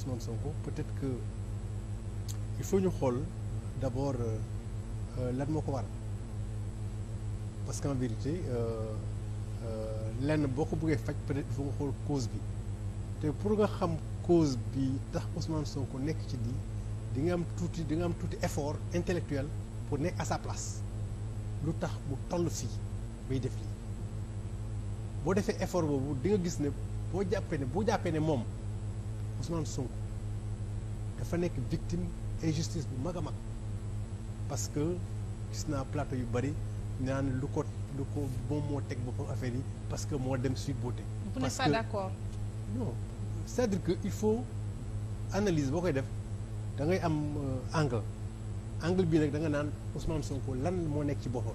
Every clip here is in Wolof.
Ousmane Sonko peut-être que il faut ñu xool d'abord euh, euh, lan moo ko waral parce qu'en vérité euh, lenn boo ko bëggee faj peut-être il xool cause bi te pour nga xam cause bi tax Ousmane Sonko nekk ci di di nga am tuuti di nga am tuuti effort intellectuel pour nekk à sa place lu tax mu toll fii bay def lii boo defee effort boobu di nga gis ne boo jàppee ne boo jàppee ne moom Ousmane Sonko dafa nekk victime injustice bu mag a mag parce que gis naa plateau yu bari naan lu ko lu ko moom moo teg boppam affaire yi parce que moo dem Sweet Beauté. vous n'êtes pas d'accord non cest à que il faut analyse boo koy def da ngay am euh, angle angle bii nag da nga naan Ousmane Sonko lan moo nekk ci boppam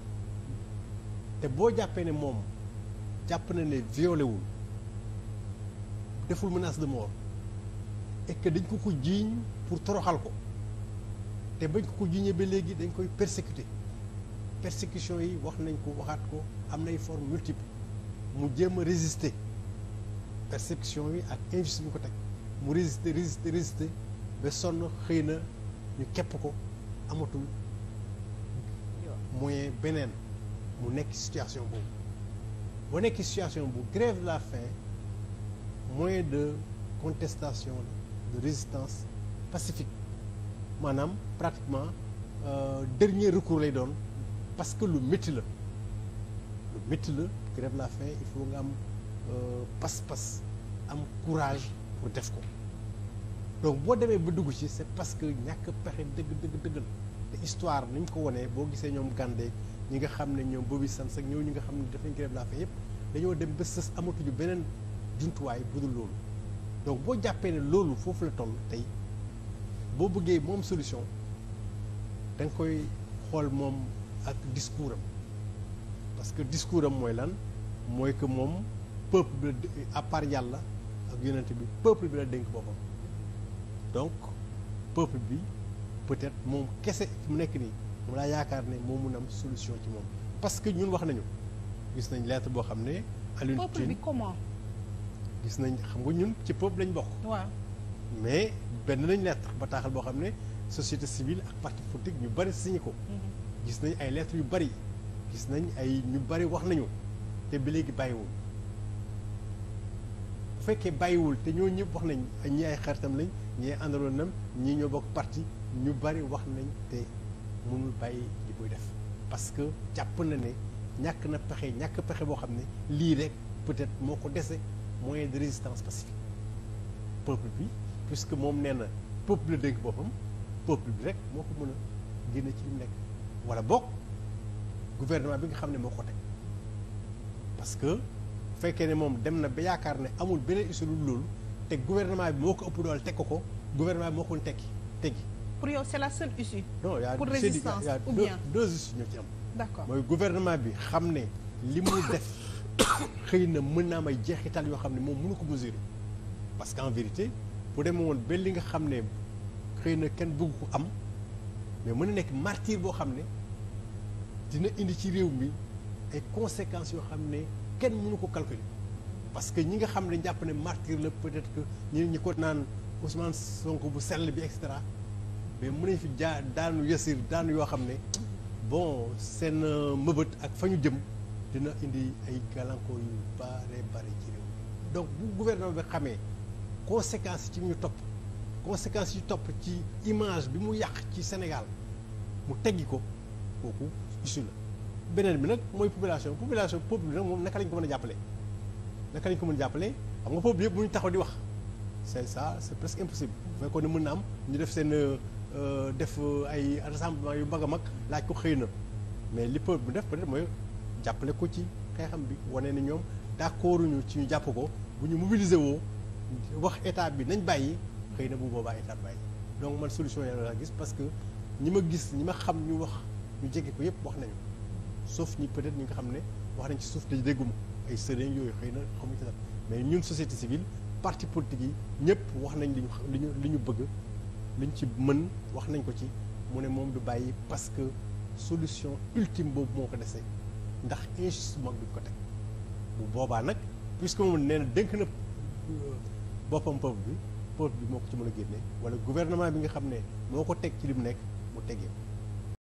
te boo jàppee ne moom jàpp na ne violé wul deful menace de mort. et que dañ ko ko jiiñ pour toroxal ko te bañ ko ko jiiñee ba léegi dañ koy persécuter persécution yi wax nañ ko waxaat ko am nay forme multiple mu jéem a résister persécution yi ak injustice ko teg mu résister résister résister ba sonn xëy na ñu képp ko amatul moyen beneen mu nekk situation boobu bu nekk situation bu grève de la faim moyen de contestation la de résistance pacifique maanaam pratiquement euh, dernier recours lay doon parce que lu métti la lu métti la grève la faim il faut nga am euh, pas-pas am courage pour def ko donc boo demee ba dugg ci c'est parce que ñàkk pexe dëgg dëgg dëgg la te histoire ni ñu ko wanee boo gisee ñoom Gandé ñi nga xam ne ñoom Bobby Sands ak ñëw ñi nga xam ne def nañ grève la faim yëpp dañoo dem ba sës amatuñu beneen jumtuwaay budul loolu donc boo jàppee ne loolu foofu la toll tey boo bëggee moom solution da koy xool moom ak discours am parce que discours am mooy lan mooy que moom peuple bi à part yàlla ak yonent bi peuple bi la dénk boppam donc peuple bi peut-être moom kese mu nekk nii mu laa yaakaar ne moo mun am solution ci moom parce que ñun wax nañu gis nañ lettre boo xam ne. Alioune Tine peuple gis nañ xam nga ñun ci peuple lañ bokk. waaw mais benn nañ lettre bataaxal boo xam ne société civile ak parti politique ñu bari signé ko. Mhm. gis nañ ay lettres yu bari gis nañ ay ñu bari wax nañu te ba léegi bàyyiwul bu fekkee bàyyiwul te ñoo ñëpp wax nañ ñi ay xaritam lañ ñi ay àndaloonam ñii ñoo bokk parti ñu bari wax nañ te mënul bàyyi li koy def parce que jàpp na ne ñàkk na pexe ñàkk pexe boo xam ne lii rek peut-être moo ko dese. moyen de résistance pacifique peuple bi puisque moom nee na peuple la dégg boppam peuple bi rek moo ko mën a génne ci li nekk wala bokk gouvernement bi nga xam ne moo ko teg parce que fekkee ne moom dem na ba yaakaar ne amul beneen issue loolu te gouvernement bi moo ko ëpp doole teg ko ko gouvernement bi moo ko tekki teggi pour yow c'est la seule issue. non y a pour résistance ou bien deux issues ñoo ci am. d'accord mooy gouvernement bi xam ne li mu def. xëy na mën naa am ay jeexital yoo xam ne moom munu ko mesurer parce que en vérité bu demee woon benn li nga xam ne xëy na kenn bëgg ko am mais mën na nekk martir boo xam ne dina indi ci réew mi ay conséquences yoo xam ne kenn munu ko calculer parce que ñi nga xam ne jàpp ne martyr la peut-être que ñi ñi ko naan Ousmane Sonko bu sell bi et cetera mais mën nañ fi jaa daanu yasir daanu yoo xam ne bon seen euh, mëbët ak fa ñu jëm. dina indi ay gàllankoor yu bare bare ci réew donc bu gouvernement bi xamee conséquences ci ñu topp conséquences yu topp ci image bi mu yàq ci Sénégal mu teggi ko kooku issue la beneen bi nag mooy population population peuple bi moom naka lañ ko mën a jàppale naka lañ ko mën a jàppale xam nga peuple yëpp bu ñu taxaw di wax c'est ça c'est presque impossible bu fekkoon ne mën na am ñu def seen euh, def euh, ay rassemblement yu mag mag laaj ko xëy na mais li peuple def peut mooy jàppale ko ci xeexam bi wane ni ñoom d'accord ñu ci ñu jàpp ko bu ñu mobiliser woo wax état bi nañ bàyyi xëy na bu boobaa état bàyyi donc man solution yàlla laa gis parce que ñi ma gis ñi ma xam ñu wax ñu jege ko yépp wax nañu soof ñi peut-être ñi nga xam ne wax nañ ci suuf dañu dégguma ay sëriñ yooyu xëy na xamuñu ci mais ñun société civile parti politique yi ñépp wax nañ li ñu li ñu bëgg li ñu ci mën wax nañ ko ci mu ne moom du bàyyi parce que solution ultime boobu moo ko dese ndax injustice mag duñ ko teg bu boobaa nag puisque moom nee na dénk na euh, boppam peuple bi peuple bi moo ko ci man a génne wala gouvernement bi nga xam ne moo ko teg ci li mu nekk mu tegee